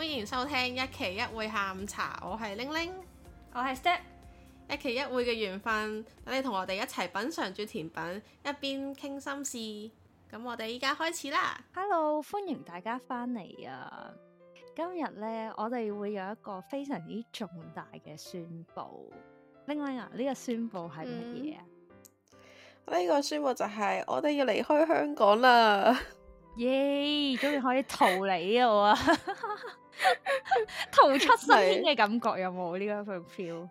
歡迎收聽一期一會下午茶，我係玲玲，我係 Step，一期一會嘅緣分，等你同我哋一齊品嘗住甜品，一邊傾心事。咁我哋依家開始啦，Hello，歡迎大家翻嚟啊！今日呢，我哋會有一個非常之重大嘅宣布，玲玲啊，呢個宣布係乜嘢啊？嗯，呢個宣布就係我哋要離開香港啦。耶！Yay，終於可以逃離啊！我 逃出生天嘅感覺有沒有，有冇呢？個 feel？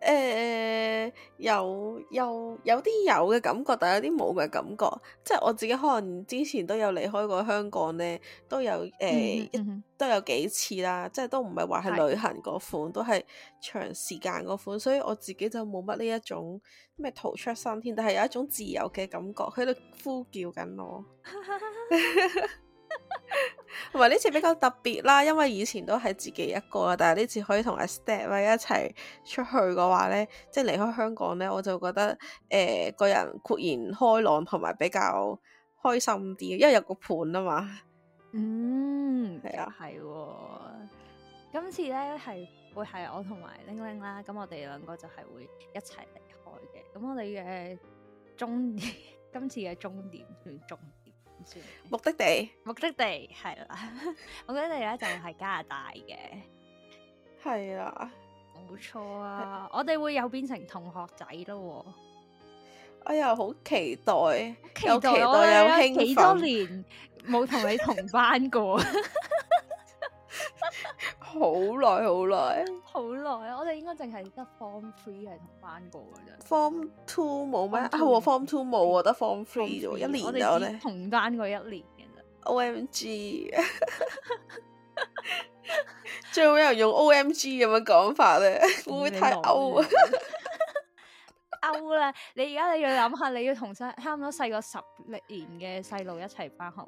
誒、呃，有有有啲有嘅感覺，但有啲冇嘅感覺，即係我自己可能之前都有離開過香港咧，都有誒、呃嗯嗯，都有幾次啦，即係都唔係話係旅行嗰款，對都係長時間嗰款，所以我自己就冇乜呢一種咩逃出生天，但係有一種自由嘅感覺喺度呼叫緊我。 同埋呢次比較特別啦，因為以前都係自己一個，但係呢次可以同阿 Step 啊一齊出去嘅話呢，即係離開香港呢，我就覺得誒、呃、個人豁然開朗，同埋比較開心啲，因為有個伴啊嘛。嗯，就係。今次呢係會係我同埋玲玲啦，咁我哋兩個就係會一齊離開嘅。咁我哋嘅終，今次嘅終點終。目的地，目的地係啦， 我覺得你咧就係、是、加拿大嘅，係啊了，冇錯啊，我哋會有變成同學仔咯，哎呀，好期待，期待我咧幾多年冇同你同班過？ 好耐，好耐，好耐啊！我哋應該淨係得 Form Three 係同班過嘅啫，Form Two 冇咩啊？Form Two 冇啊，得 Form Three 啫，一年我哋咧同班過一年嘅啫。O M G，最後又用 O M G 咁樣講法咧？會唔會太歐啊？歐啦！你而家你要諗下，你要同差唔多細個十零年嘅細路一齊翻學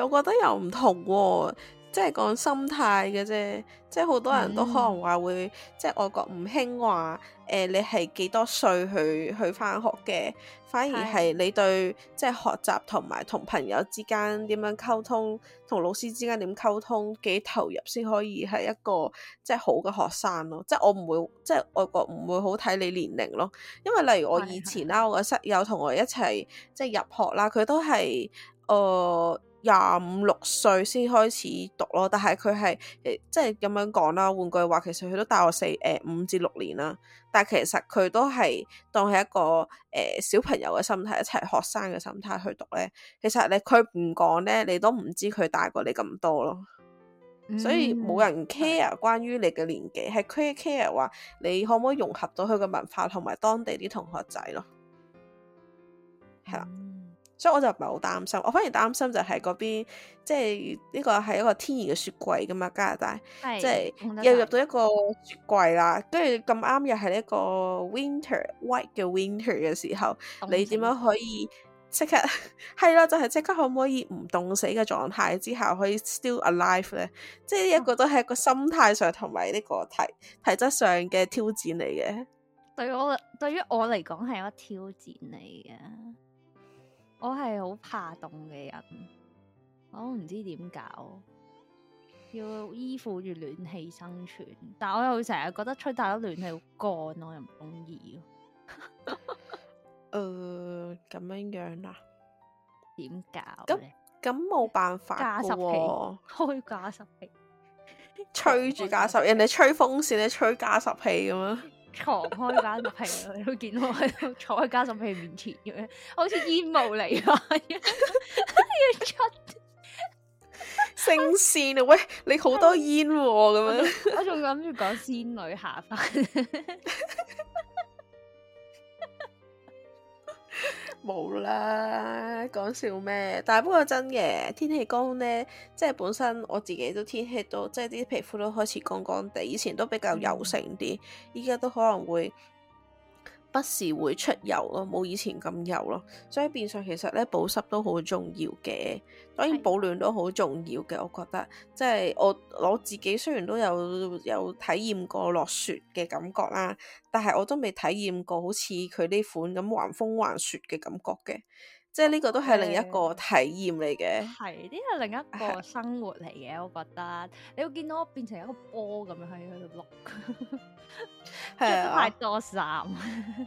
誒？我覺得又唔同。即係講心態嘅啫，即係好多人都可能話會，即係、嗯、外國唔興話誒，你係幾多歲去去返學嘅？反而係你對即係學習同埋同朋友之間點樣溝通，同老師之間點溝通，幾投入先可以係一個即係好嘅學生咯。即係我唔會，即係外國唔會好睇你年齡咯，因為例如我以前啦，嗯、我個室友同我一齊即係入學啦，佢都係誒。呃廿五六歲先開始讀咯，但係佢係誒，即係咁樣講啦。換句話，其實佢都大我四誒、欸、五至六年啦。但係其實佢都係當係一個誒、欸、小朋友嘅心態，一齊學生嘅心態去讀咧。其實你佢唔講咧，你都唔知佢大過你咁多咯。嗯、所以冇人 care 關於你嘅年紀，係佢 care 話你可唔可以融合到佢嘅文化同埋當地啲同學仔咯。係啦。所以我就唔係好擔心，我反而擔心就係嗰邊，即係呢個係一個天然嘅雪櫃噶嘛，加拿大，是即係又入到一個雪櫃啦，跟住咁啱又係呢個 winter white 嘅 winter 嘅時候，清你點樣可以即刻係 啦？就係、是、即刻可唔可以唔凍死嘅狀態之下，可以 still alive 咧？即係呢一個都係一個心態上同埋呢個體體質上嘅挑戰嚟嘅。對我對於我嚟講係一個挑戰嚟嘅。我係好怕凍嘅人，我唔知點搞，要依附住暖氣生存。但係我又成日覺得吹大咗暖氣好乾，我又唔中意。誒、 呃，咁樣、啊、樣啦，點搞？咁咁冇辦法，加濕器開加濕器， 吹住加濕，加人哋吹風扇你吹加濕器咁樣？藏開加濕器，你都見到我喺度坐喺加濕器面前咁樣，我好似煙霧離開，要出升仙啊！喂，你好多煙咁樣，我仲諗住講仙女下凡。 冇啦，講笑咩？但係不過真嘅，天氣乾呢，即係本身我自己都天氣都，即係啲皮膚都開始乾乾地，以前都比較油性啲，依家都可能會。不時會出油咯，冇以前咁油咯，所以變相其實呢保濕都好重要嘅，當然保暖都好重要嘅，我覺得即係我我自己雖然都有有體驗過落雪嘅感覺啦，但係我都未體驗過好似佢呢款咁橫風橫雪嘅感覺嘅。即係呢個都係另一個體驗嚟嘅，係呢係另一個生活嚟嘅。的我覺得你會見到我變成一個波咁樣喺佢度碌，係 啊，多衫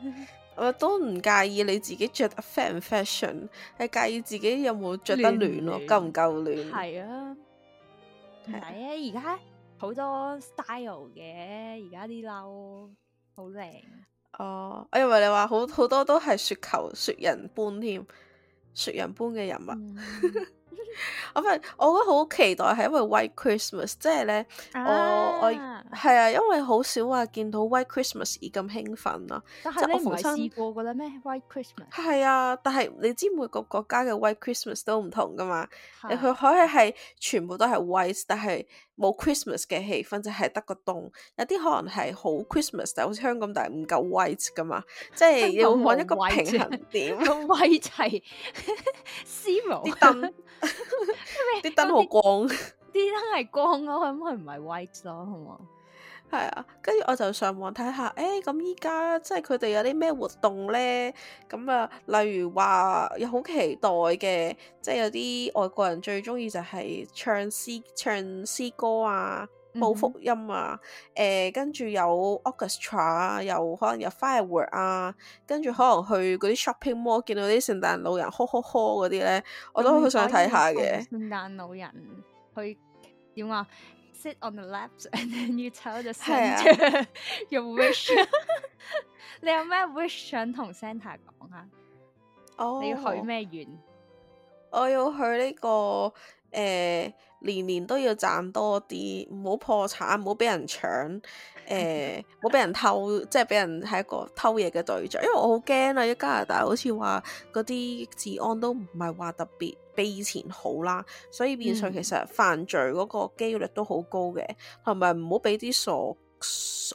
我都唔介意你自己着 fashion 唔 fashion，係介意自己有冇着得暖咯，暖暖夠唔夠暖？係啊的，係啊的，而家好多 style 嘅，而家啲褸好靚哦。我以為你話好好多都係雪球雪人般添。雪人般嘅人物、嗯， 我唔係，我覺得好期待，係因為 White Christmas，即係咧，我我。啊我係啊，因為好少話、啊、見到 White Christmas 而、so、咁興奮啊。但係我唔係試過噶啦咩 White Christmas？係啊，但係你知每個國家嘅 White Christmas 都唔同噶嘛？你佢可以係全部都係 white，但係冇 Christmas 嘅氣氛，就係得個凍。有啲可能係好 Christmas，但好似香港，但係唔夠 white 噶嘛？即係要搵一個平衡點。咁 white 係 s i m 啲燈，啲燈好光，啲燈係光咯，咁佢唔係 white 咯，好冇？係啊，跟住我就上網睇下，誒咁依家即係佢哋有啲咩活動咧？咁啊，例如話又好期待嘅，即係有啲外國人最中意就係唱詩、唱詩歌啊，報福音啊，誒跟住有 orchestra 啊，又可能有 firework 啊，跟住可能去嗰啲 shopping mall 見到啲聖誕老人呵呵呵嗰啲咧，我都好想睇下嘅。嗯，聖誕老人去點啊？Sit on the lap and then you tell the Santa your wish。 你有咩 wish 想同 Santa 講啊？哦，oh, 你要去咩願？我要去呢、這個誒，年、呃、年都要賺多啲，唔好破產，唔好俾人搶，誒、呃，唔好俾人偷，即係俾人係一個偷嘢嘅對象。因為我好驚啊，一加拿大好似話嗰啲治安都唔係話特別。比以前好啦，所以變相其實犯罪嗰個機率都好高嘅，同埋唔好俾啲傻，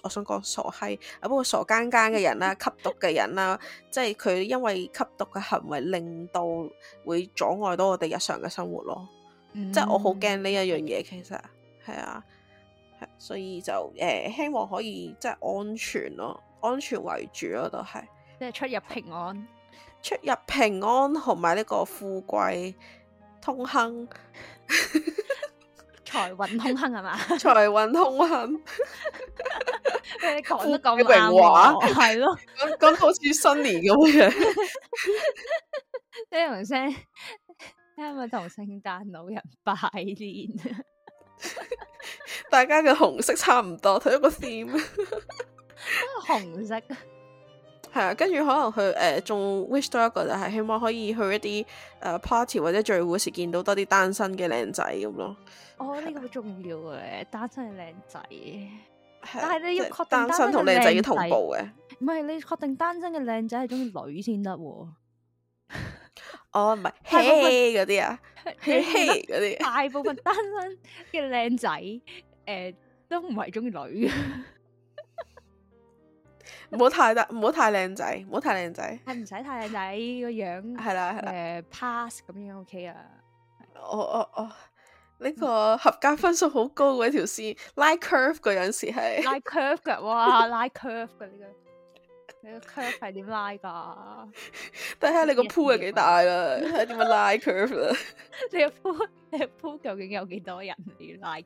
我想講傻閪啊，不過傻更更嘅人啦，吸毒嘅人啦，即係佢因為吸毒嘅行為令到會阻礙到我哋日常嘅生活咯，即係、嗯、我好驚呢一樣嘢，其實係啊，所以就誒、呃、希望可以即係安全咯、啊，安全為主咯、啊，都係即係出入平安。出入平安同埋呢個富貴通亨，財運通亨係嘛？財運通亨，你講得咁明話，係咯？講講得好似新年咁樣。呢同聲聽係咪同聖誕老人拜年啊！大家嘅紅色差唔多，同一個線，紅色。係啊，跟住、嗯、可能佢誒仲 wish 多一個就係希望可以去一啲誒、呃、party 或者聚會時見到多啲單身嘅靚仔咁咯。哦，呢、這個好重要嘅， 單身嘅靚仔，但係你要確定單身同靚仔要同步嘅。唔係你確定單身嘅靚仔係中意女先得。 哦，唔係，hea 嗰啲啊，hea 嗰啲， 大部分單身嘅靚仔誒、呃、都唔係中意女嘅。唔好太大，唔好太靚仔，唔好太靚仔。係唔使太靚仔個樣子。係啦，係啦。誒，pass 咁樣 OK 啊。哦哦哦呢個合格分數好高嗰一條線，C, 拉 curve 個有陣時係。拉 curve 嘅，哇！ 拉 curve 嘅呢、這個，你個 curve 係點拉噶？睇下你個 pool 係幾大啦，點樣拉 curve 啦你個 pool，你個 pool 究竟有幾多人嚟、啊、拉？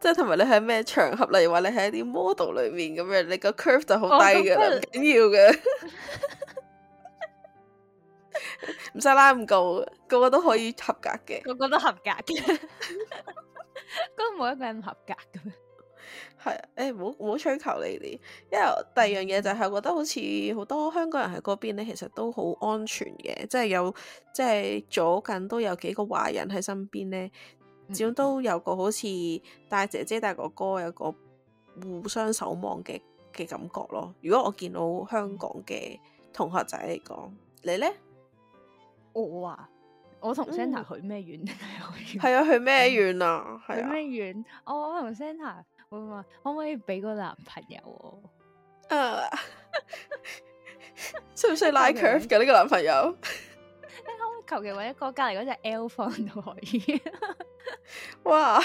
即係同埋你喺咩場合，例如話你喺啲 model 裏面咁樣，你個 curve 就好低㗎喇，唔緊要嘅，唔使 拉唔高，個個都可以合格嘅，個個都合格嘅，都冇一個人唔合格嘅，係啊， 誒， 唔好唔好追求你哋，因為第二樣嘢就係、我、覺得好似好多香港人喺嗰邊咧，其實都好安全嘅，即係有即係左近都有幾個華人喺身邊咧。始終都有個好似大姐姐、大哥哥，有個互相守望嘅嘅感覺咯。如果我見到香港嘅同學仔嚟講，你咧？我啊，我同 Santa 去咩院？係 要啊，去咩院啊？啊去咩院？Oh, anta, 我同 Santa 會話可唔可以俾個男朋友？誒，需唔需要 light curve 嘅呢個男朋友？你可唔可以求其搵一個隔籬嗰隻 L 房都可以。 哇，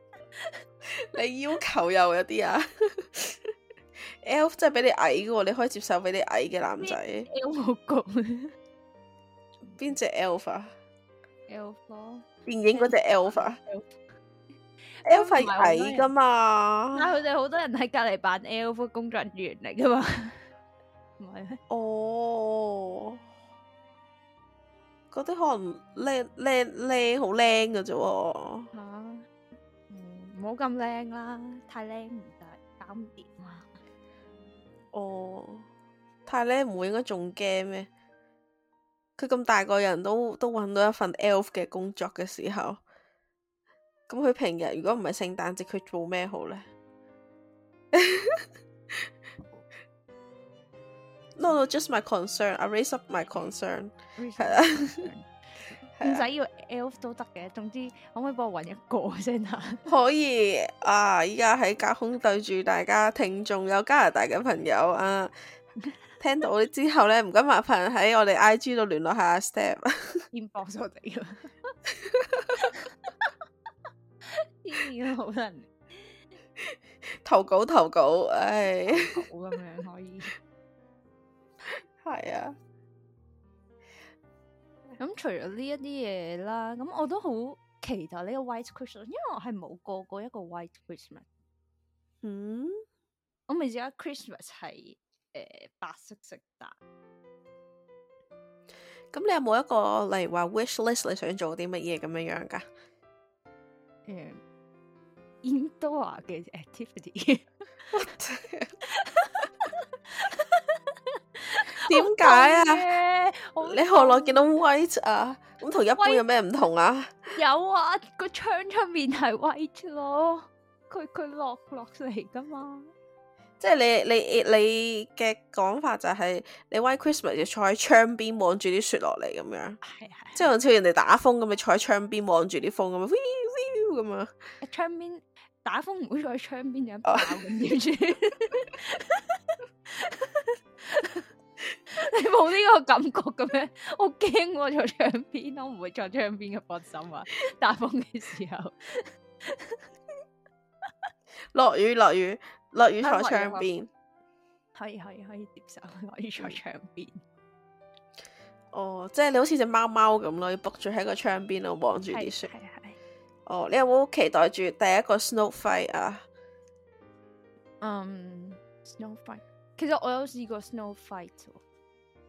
你要求又有啲啊 ？Elf 真係比你矮嘅，你可以接受比你矮嘅男仔。Elf 冇講，邊隻 Elf？Elf 電影嗰隻 Elf？Elf 矮噶嘛？佢哋好多人喺隔籬扮 Elf 工作人員嚟噶嘛？唔係哦。Oh. 嗰啲可能靚靚靚好靚嘅啫喎，唔好咁靚啦，太靚唔得，搞唔掂啊！哦，太靚唔會應該仲驚咩？佢咁大個人都都揾到一份 elf 嘅工作嘅時候，咁佢平日如果唔係聖誕節，佢做咩好咧？ No, no, just my concern. I raise up my concern. 係啊，唔使要 Elf 都得嘅，總之可唔可以幫我揾一個先 啊？可以啊！依家喺隔空對住大家聽眾有加拿大嘅朋友啊，聽到之後咧，唔該麻煩喺我哋 IG 度聯絡下 Step，Inbox 咗我哋啦，依 家 好多人投稿投稿，唉、哎，好咁樣可以。 係啊，咁除咗呢一啲嘢啦，咁我都好期待呢個 White Christmas，因為我係冇過過一個 White Christmas。嗯，我唔知啊，Christmas 係誒白色聖誕。咁你有冇一個例如話 Wishlist 你想做啲乜嘢咁樣樣噶？誒，indoor 嘅 activity。點解啊？痛你何來見到 white 啊？咁同一般有咩唔同啊？White, 有啊，個窗出面係 white 咯，佢佢落落嚟噶嘛。即係你你你嘅講法就係、是、你 white Christmas 就坐喺窗邊望住啲雪落嚟咁樣。係係。即係好似人哋打風咁，咪坐喺窗邊望住啲風咁樣，咁樣。窗邊打風唔會坐喺窗邊，一爆你冇呢個感覺咁樣？ 我驚我坐窗邊，我唔會坐窗邊嘅，放心啊！大風嘅時候，落 雨落雨落雨坐窗邊，可以可以可以接受。落雨坐窗邊， 哦，即係你好似隻貓貓咁咯，你卜住喺個窗邊度望住啲雪。哦，你有冇期待住第一個 snow fight 啊？嗯、um,，snow fight，其實我有試過 snow fight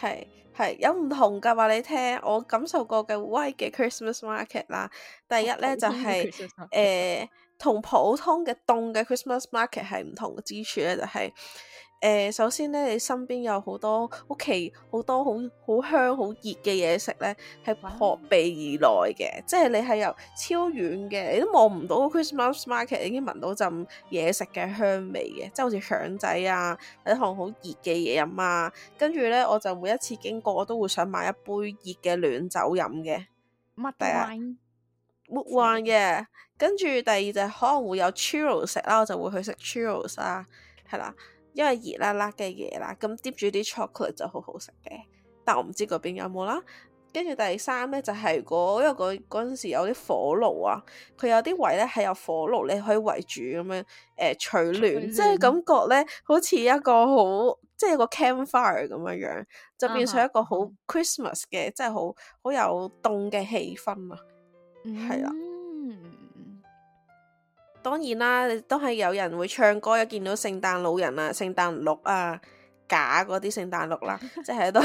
係係有唔同㗎話你聽，我感受過嘅威嘅 Christmas market 啦，第一咧就係誒同普通嘅凍嘅 Christmas market 係唔同嘅之處咧，就係、是。誒，首先咧，你身邊有好多屋企好多好好香好熱嘅嘢食咧，係撲鼻而來嘅，哇即係你係由超遠嘅，你都望唔到 Christmas Market，已經聞到陣嘢食嘅香味嘅，即係好似腸仔啊，有一項好熱嘅嘢飲啊，跟住咧，我就每一次經過我都會想買一杯熱嘅暖酒飲嘅。乜第一？木幻嘅，跟住第二隻，就係、可能會有 churros 食啦，我就會去食 churros 啦，係啦。因為熱辣辣嘅嘢啦，咁 dip 住啲 chocolate 就好好食嘅。但我唔知嗰邊有冇啦。跟住第三呢，就係、是、因為嗰嗰陣時有啲火爐啊，佢有啲位呢係有火爐你可以圍住咁樣誒、呃、取暖，嗯、哼即係感覺呢好似一個好即係個 campfire 咁樣樣，就變成一個好 Christmas 嘅，嗯、哼即係好好有凍嘅氣氛啊，係啦、嗯哼。當然啦，都係有人會唱歌，一見到聖誕老人啊、聖誕鹿啊、假嗰啲聖誕鹿啦、啊， 即係喺度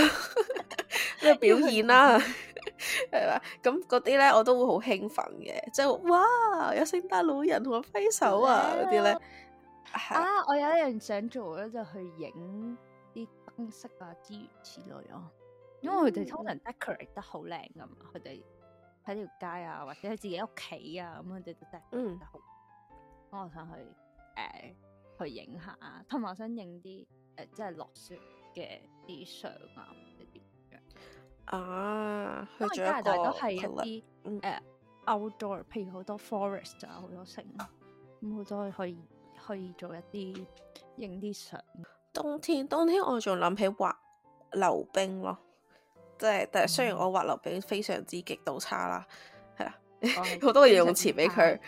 喺度表演啦，係嘛？咁嗰啲咧我都會好興奮嘅，即係哇！有聖誕老人同我揮手啊嗰啲咧啊！我有一樣想做咧，就去影啲燈飾啊諸如此類啊，因為佢哋通常 decorate 得好靚噶嘛，佢哋喺條街啊，或者喺自己屋企啊咁，即即即嗯。Mm. 我想去誒、呃、去影下，同埋我想影啲誒即係落雪嘅啲相啊，一啲咁啊，去因加拿大都係一啲誒、嗯呃、outdoor，譬如好多 forest 啊，好多城，咁好多可以可以做一啲影啲相。冬天冬天我仲諗起滑溜冰咯，即係但係雖然我滑溜冰非常之極度差啦，係、嗯、啊，好 多用詞俾佢。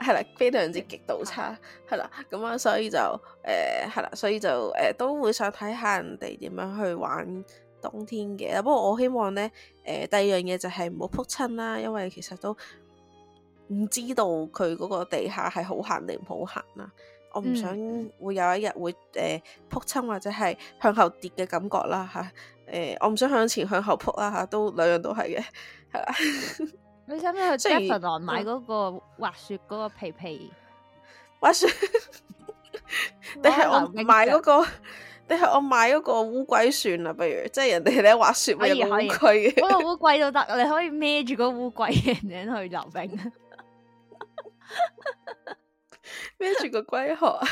係啦，非常之極度差，係啦，咁樣啊，所以就，誒、呃，係啦，所以就，誒、呃，都會想睇下人哋點樣去玩冬天嘅。不過我希望咧，誒、呃，第二樣嘢就係唔好撲親啦，因為其實都唔知道佢嗰個地下係好行定唔好行啦。我唔想會有一日會，誒、呃，撲親或者係向後跌嘅感覺啦，吓、啊，誒、呃，我唔想向前向後撲啦，吓、啊，都兩樣都係嘅，係啦。 你使唔使去 Seven Eleven 買嗰個滑雪嗰個皮皮？滑雪？但係我買嗰個，但係我買嗰個烏龜算啦，不如，即係人哋你滑雪咪有烏龜嘅，嗰 個烏龜都得，你可以孭住個烏龜人去溜冰。孭住 個龜殼，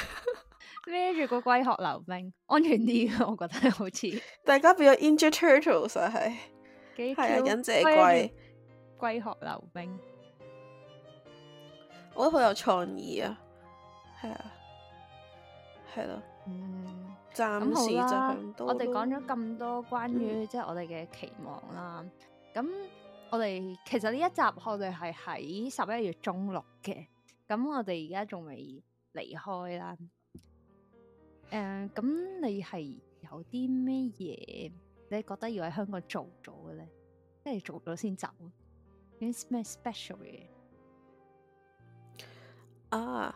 孭住個龜殼溜冰， 安全啲，我覺得好似。大家變咗 Injured Turtles 啊，係，係啊忍者龜。歸學溜冰，我覺得好有創意啊！係啊，係咯，嗯，暫時就，我哋講咗咁多關於即係我哋嘅期望啦。咁、嗯、我哋其實呢一集我哋係喺十一月中錄嘅，咁我哋而家仲未離開啦。誒、呃，咁你係有啲咩嘢？你覺得要喺香港做咗嘅咧，即係做咗先走。咩 special 嘢啊？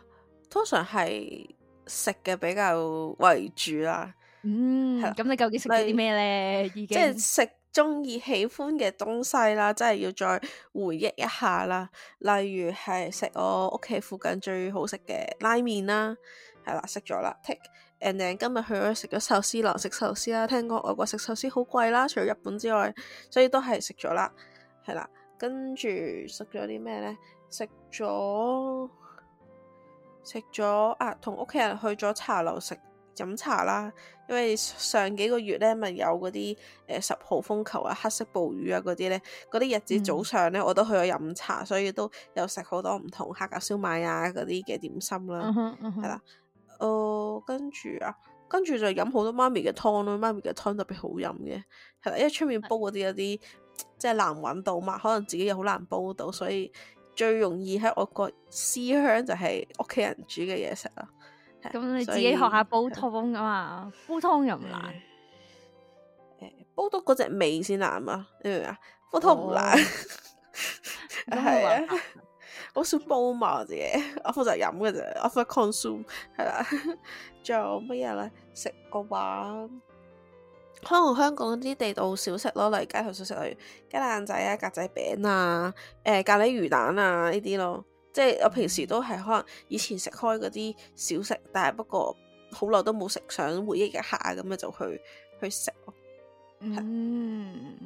通常係食嘅比較為主啦。嗯，咁啦、嗯、你究竟食咗啲咩咧？例經即係食中意、喜歡嘅東西啦，即係要再回憶一下啦。例如係食我屋企附近最好食嘅拉麵啦，係啦，食咗啦。Take and then 今日去咗食咗壽司啦，食壽司啦。聽講外國食壽司好貴啦，除咗日本之外，所以都係食咗啦，係啦。跟住食咗啲咩呢？食咗食咗啊！同屋企人去咗茶樓食飲茶啦。因為上幾個月咧，咪有嗰啲誒十號風球啊、黑色暴雨啊嗰啲咧，嗰啲日子早上咧，嗯、我都去咗飲茶，所以都有食好多唔同客家燒賣啊嗰啲嘅點心啦，係啦、嗯。哦、嗯呃，跟住啊，跟住就飲好多媽咪嘅湯咯。媽咪嘅湯特別好飲嘅，係啦，因為出面煲嗰啲有啲。嗯即係難搵到嘛，可能自己又好難煲到，所以最容易喺我個思鄉就係屋企人煮嘅嘢食啦。咁你自己以學下煲湯啊嘛，煲湯又唔難。煲到嗰隻味先難啊嘛，你明唔明好啊？煲湯唔難，係啊 對，好少 煲嘛，我自己我負責飲嘅咋，我負責 consume 係啦，仲 有乜嘢咧？食個玩。可能香港啲地道小食咯，例如街頭小食，例如雞蛋仔啊、格仔餅啊、誒、呃、咖喱魚蛋啊呢啲咯。即係我平時都係可能以前食開嗰啲小食，但係不過好耐都冇食，想回憶一下咁樣就去去食。嗯，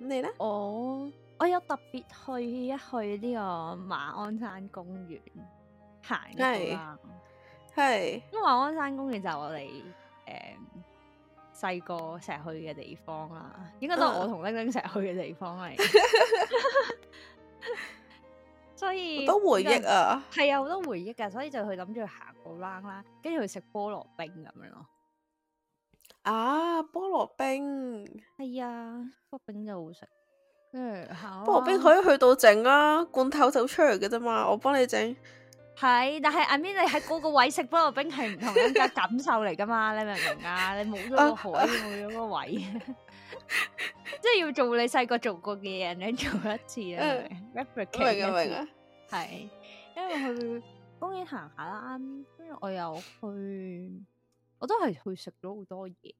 咁你咧？我我有特別去一去呢個馬鞍山公園行嗰度啦，係因為馬鞍山公園就我哋誒。嗯細個成日去嘅地方啦，應該都係我同玲玲成日去嘅地方嚟。 所以好多回憶啊，係啊，好多回憶噶，所以就去諗住去行個 round 啦，跟住去食菠蘿冰咁樣咯，啊哎嗯。啊，菠蘿冰係啊，菠蘿冰真好食，嗯，菠蘿冰可以去到整啊，罐頭走出嚟嘅啫嘛，我幫你整。係，但係阿 Min 你喺嗰個位食菠蘿冰係唔同人家感受嚟噶嘛？ 你明唔明啊？你冇咗個海，冇咗 個位， 即係要做你細個做過嘅嘢，你做一次啦、嗯。Replicate 一次。明啊係，因為去公園行下啦，跟住我又去，我都係去食咗好多嘢，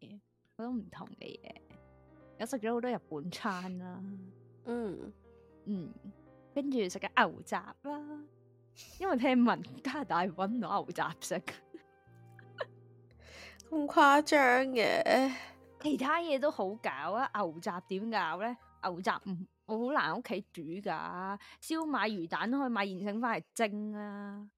好多唔同嘅嘢，有食咗好多日本餐啦，嗯嗯，跟住食緊牛雜啦。因為聽聞加拿大搵攞牛雜食，咁誇張嘅，其他嘢都好搞啊！牛雜點搞咧？牛雜唔，我好難喺屋企煮噶，燒賣、魚蛋都可以買現成翻嚟蒸啊。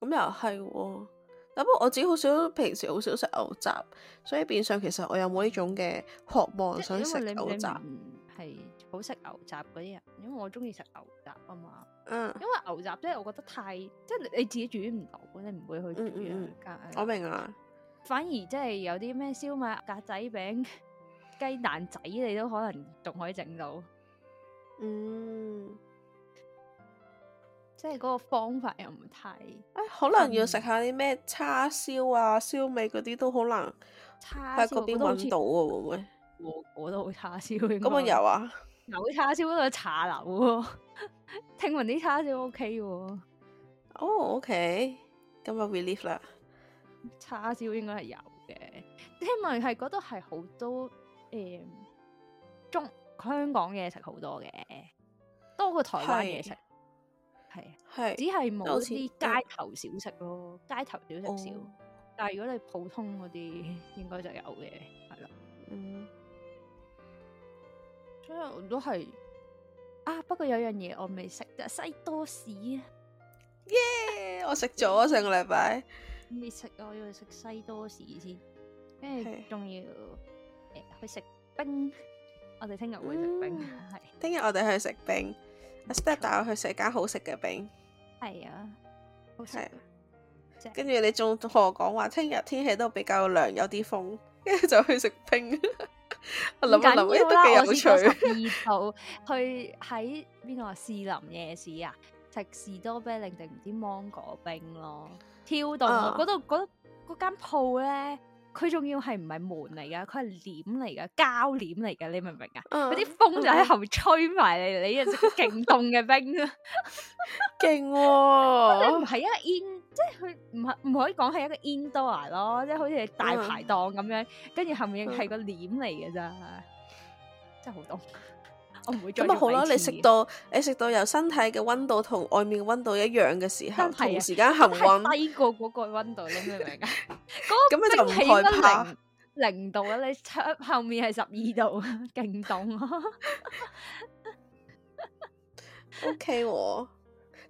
咁又係，但不過我自己好少，平時好少食牛雜，所以變相其實我有冇呢種嘅渴望想食牛雜。因為你你好食牛雜嗰啲人，因為我中意食牛雜啊嘛。嗯。因為牛雜即係我覺得太，即係你自己煮唔到，你唔會去煮啊。嗯嗯、加我明啊。反而即係有啲咩燒賣、格仔餅、雞蛋仔，你都可能仲可以整到。嗯。即係嗰個方法又唔太。誒、哎，可能要食下啲咩叉燒啊、燒味嗰啲都好難。喺嗰邊搵到啊？會會？我覺得我，我都好叉燒。咁啊有啊。牛叉燒喺度茶樓喎，聽聞啲叉燒 OK 喎。哦，OK，今日 relief 啦。叉燒應該係有嘅，聽聞係嗰度係好多誒、嗯、中香港嘢食好多嘅，多過台灣嘢食。係係，只係冇啲街頭小食咯， 街頭小食少。Oh. 但係如果你普通嗰啲，mm. 應該就有嘅，係啦。嗯。 Mm. 都係啊，不過有樣嘢我未食就西多士，耶、yeah！我食咗上個禮拜。你食我要去食西多士先，跟住仲要，呃，去食冰。我哋聽日會食冰，係聽日我哋去食冰。阿 Step 帶我去食間好食嘅冰，係啊，好食！跟住你仲同我講話，聽日天氣都比較涼，有啲風，跟住就去食冰。 諗一諗啦，都幾有趣，十二度去喺邊度啊？士林夜市啊，食士多啤梨定唔知芒果冰咯，跳凍！嗰度嗰嗰間鋪咧，佢仲要係唔係門嚟噶，佢係簾嚟噶，膠簾嚟噶，你明唔明啊？嗰啲、uh. 風就喺後面吹埋嚟， 你又食勁凍嘅冰啊，勁、 哦！唔係啊，煙。即係佢唔係唔可以講係一個 indoor 咯，即係好似大排檔咁樣，跟住、嗯、後面係個簾嚟嘅咋。嗯、真係好凍。我唔會咁咪好啦，你食到你食到由身體嘅溫度同外面嘅溫度一樣嘅時候，啊、同時間恆溫低過嗰個溫度，你明唔明啊？你個氣溫零零度啊，你出後面係十二度，勁凍。 o、okay、K、哦。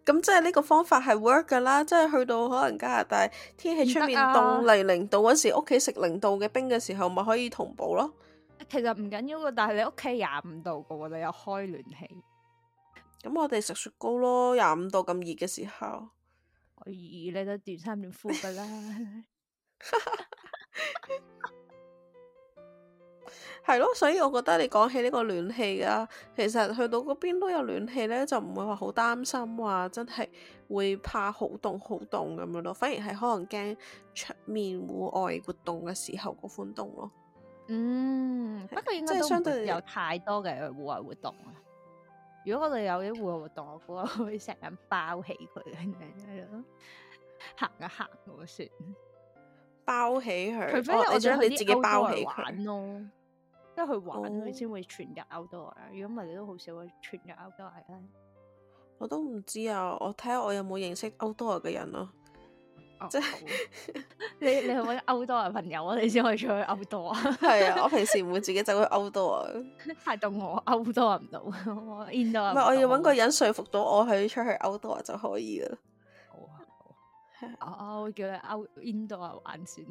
咁即係呢個方法係 work 噶啦，即係去到可能加拿大天氣出面凍嚟零度嗰時，屋企食零度嘅冰嘅時候，咪可以同步咯。其實唔緊要噶，但係你屋企廿五度噶，你有開暖氣。咁我哋食雪糕咯，廿五度咁熱嘅時候，我咦，你都短衫短褲噶啦。 係咯，所以我覺得你講起呢個暖氣啊，其實去到嗰邊都有暖氣咧，就唔會話好擔心話真係會怕好凍好凍咁樣咯。反而係可能驚出面戶外活動嘅時候嗰款凍咯。嗯，不過應該係相對有太多嘅戶外活動啊。如果我哋有啲戶外活動，我估我會成日包起佢，係咯，行一、啊、行咁、啊、算。包起佢，除非、哦、我將佢、哦、自己包起佢。即係去玩佢先、oh. 會傳入 outdoor 啊，如果唔係你都好少會傳入 outdoor 啊。我都唔知啊！我睇下我有冇認識 outdoor 嘅人咯，即係你你去搵 outdoor 朋友啊，你先可以出去 outdoor。係 啊，我平時唔會自己走去 outdoor。太 到我 outdoor 唔到，我 indoor 唔係，我要搵個人說服到我去出去 outdoor 就可以啦。好啊好啊，我叫你 out indoor 啊玩先。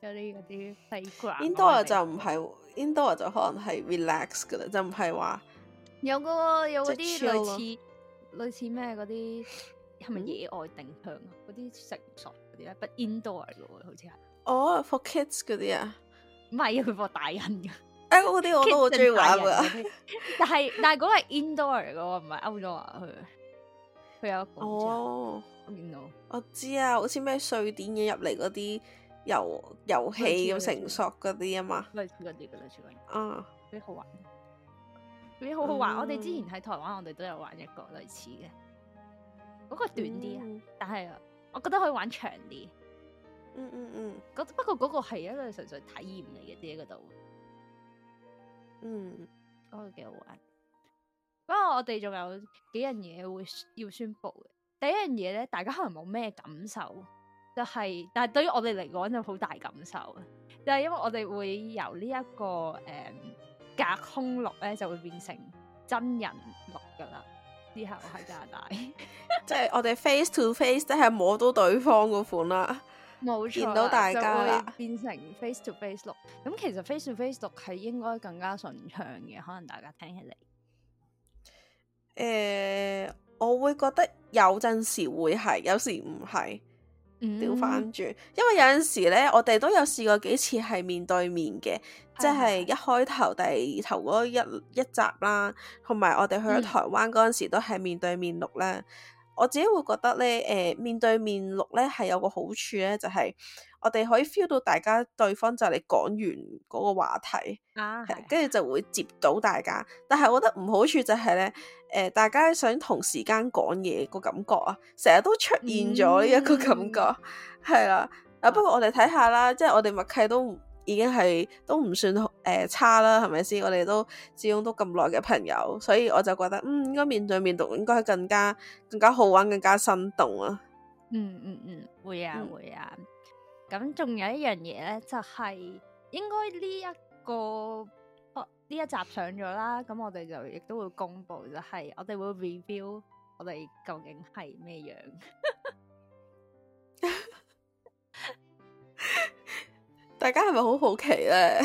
有啲嗰啲西瓜，indoor 就唔係，indoor 就可能係 relax 噶啦，就唔係話有嗰個有嗰啲類似是類似咩嗰啲係咪野外定向啊？嗰啲、嗯、成熟嗰啲啊，不 indoor 噶喎，好似係哦，for kids 嗰啲啊，唔係啊，佢 for 大人噶，誒，嗰啲我都好中意玩噶，但係但係嗰個係 indoor 喎，唔係 outdoor 去，佢有哦，我見到，我知啊，好似咩瑞典嘢入嚟嗰啲。遊遊戲咁成熟嗰啲啊嘛，類似嗰啲，類似嗰啲啦，啊，幾好玩，幾好好玩。我哋之前喺台灣，我哋都有玩一個類似嘅，嗰、嗰個短啲啊，嗯、但係我覺得可以玩長啲。嗯嗯嗯，不過嗰個係一個純粹體驗嚟嘅，啲喺度。嗯，嗰、嗯、個幾、嗰個嗯、好玩。嗯、不過我哋仲有幾樣嘢會要宣布嘅。第一樣嘢咧，大家可能冇咩感受。就係、是，但係對於我哋嚟講就好、是、大感受啊。就係、是、因為我哋會由呢、這、一個誒、嗯、隔空錄咧，就會變成真人錄噶啦。之後喺加拿大，即 係我哋 face to face，即係摸到對方嗰款啦，冇見、啊、到大家，變成 face to face 錄。咁其實 face to face 錄係應該更加順暢嘅，可能大家聽起嚟誒、呃，我會覺得有陣時會係，有時唔係。調翻轉，嗯、因為有陣時咧，我哋都有試過幾次係面對面嘅，嗯、即係一開頭第二頭嗰一一集啦，同埋我哋去咗台灣嗰陣時、嗯、都係面對面錄咧。我自己會覺得咧，誒、呃、面對面錄咧係有個好處咧，就係、是、我哋可以 feel 到大家對方就嚟講完嗰個話題啊，跟住就會接到大家。但係我覺得唔好處就係咧，誒、呃、大家想同時間講嘢個感覺啊，成日都出現咗呢一個感覺，係啦。啊不過我哋睇下啦，即、就、係、是、我哋默契都已經係都唔算好、呃、差啦，係咪先？我哋都始終都咁耐嘅朋友，所以我就覺得，嗯，應該面對面讀應該更加更加好玩，更加生動啊、嗯！嗯嗯嗯，會啊會啊！咁仲、嗯、有一樣嘢咧，就係、係、應該呢一個呢、哦、一集上咗啦，咁我哋就亦都會公佈，就係、係、我哋會 review 我哋究竟係咩樣。 大家係咪好好奇咧、 呃？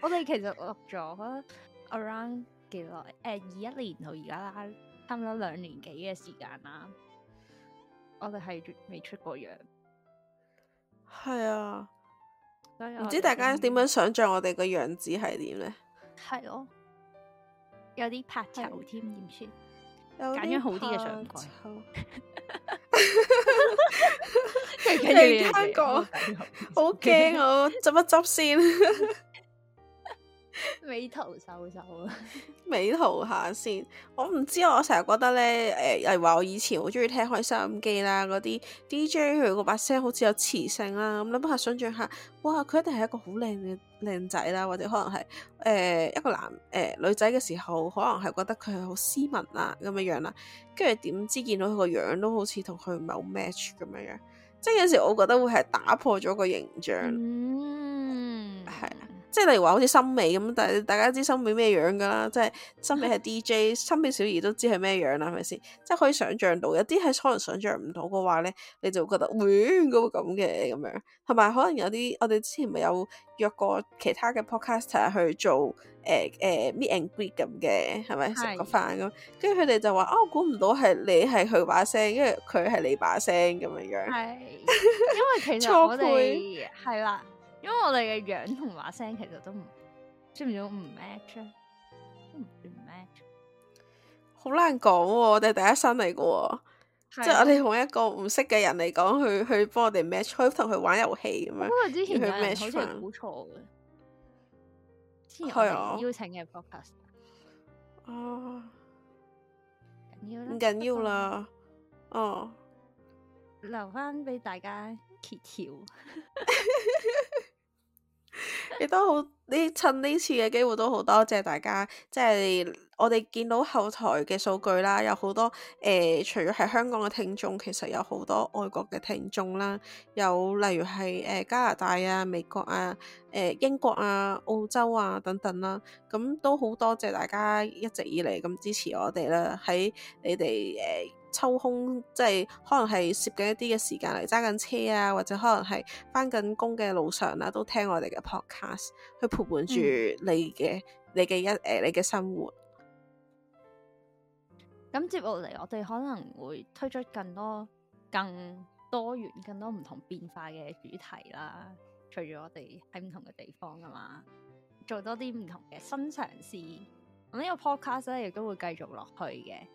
我哋其實錄咗 around 幾耐？誒，二一年到而家啦，差唔多兩年幾嘅時間啦。我哋係未出過樣。係啊，唔知大家點樣想象我哋個樣子係點咧？係咯、啊，有啲怕醜添、啊，有點算？揀咗好啲嘅相。 你聽過，好驚我執 一執先 瘦瘦瘦，美圖秀秀，美圖下先。我唔知，我成日覺得咧，誒，例如話我以前好中意聽開收音機啦，嗰啲 DJ 佢嗰把聲好似有磁性啦，咁你不妨想象下，哇，佢一定係一個好靚嘅靚仔啦，或者可能係誒、呃、一個男誒、呃、女仔嘅時候，可能係覺得佢係好斯文啦咁嘅樣啦，跟住點知見到佢個樣都好似同佢唔係好 match 咁樣樣。即係有時，我覺得會係打破咗個形象，嗯、mm，係、hmm。即係例如話好似森美咁，但係大家知森美咩樣噶啦，即係森美係 DJ，森美 小儀都知係咩樣啦，係咪先？即係可以想象到，有啲係可能想象唔到嘅話咧，你就會覺得，咦、呃，點解會咁嘅咁樣？同埋可能有啲，我哋之前咪有約過其他嘅 podcaster 去做誒誒、呃呃、meet and greet 咁嘅，係咪食個飯咁？跟住佢哋就話啊，估、哦、唔到係你係佢把聲，因為佢係你把聲咁樣樣。係，因為其實我 錯配。係啦。因為我哋嘅樣同話聲其實都唔，中唔中唔 match，都唔算唔 match，好難講。我哋第一身嚟嘅，的即係我哋同一個唔識嘅人嚟講，去去幫我哋 match，去同佢玩遊戲咁樣。不過之前佢 match 好似唔錯嘅，之前我哋邀請嘅 focus。哦，緊要啦，唔緊要啦，哦、嗯，啊、留翻俾大家協調。 亦都好，呢趁呢次嘅機會都好多謝大家，即係我哋見到後台嘅數據啦，有好多誒、呃，除咗係香港嘅聽眾，其實有好多外國嘅聽眾啦，有例如係誒、呃、加拿大啊、美國啊、誒、呃、英國啊、澳洲啊等等啦，咁都好多謝大家一直以嚟咁支持我哋啦，喺你哋誒、呃抽空即係可能係攝緊一啲嘅時間嚟，揸緊車啊，或者可能係翻緊工嘅路上啦，啊，都聽我哋嘅 podcast 去陪伴住你嘅、嗯、你嘅一誒你嘅、呃、生活。咁、嗯、接落嚟，我哋可能會推出更多更多元、更多唔同變化嘅主題啦。除咗我哋喺唔同嘅地方噶嘛，做多啲唔同嘅新嘗試。咁呢個 podcast 咧，亦都會繼續落去嘅。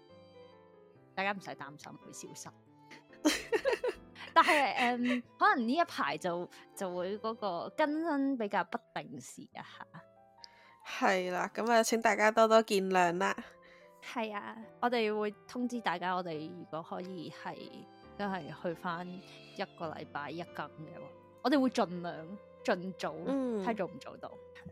大家唔使擔心會消失， 但係誒，um，可能呢一排就就會嗰個更新比較不定時啊吓。係啦，咁啊，請大家多多見諒啦。係啊，我哋會通知大家，我哋如果可以係都係去翻一個禮拜一更嘅，我哋會盡量盡早睇做唔做到。嗯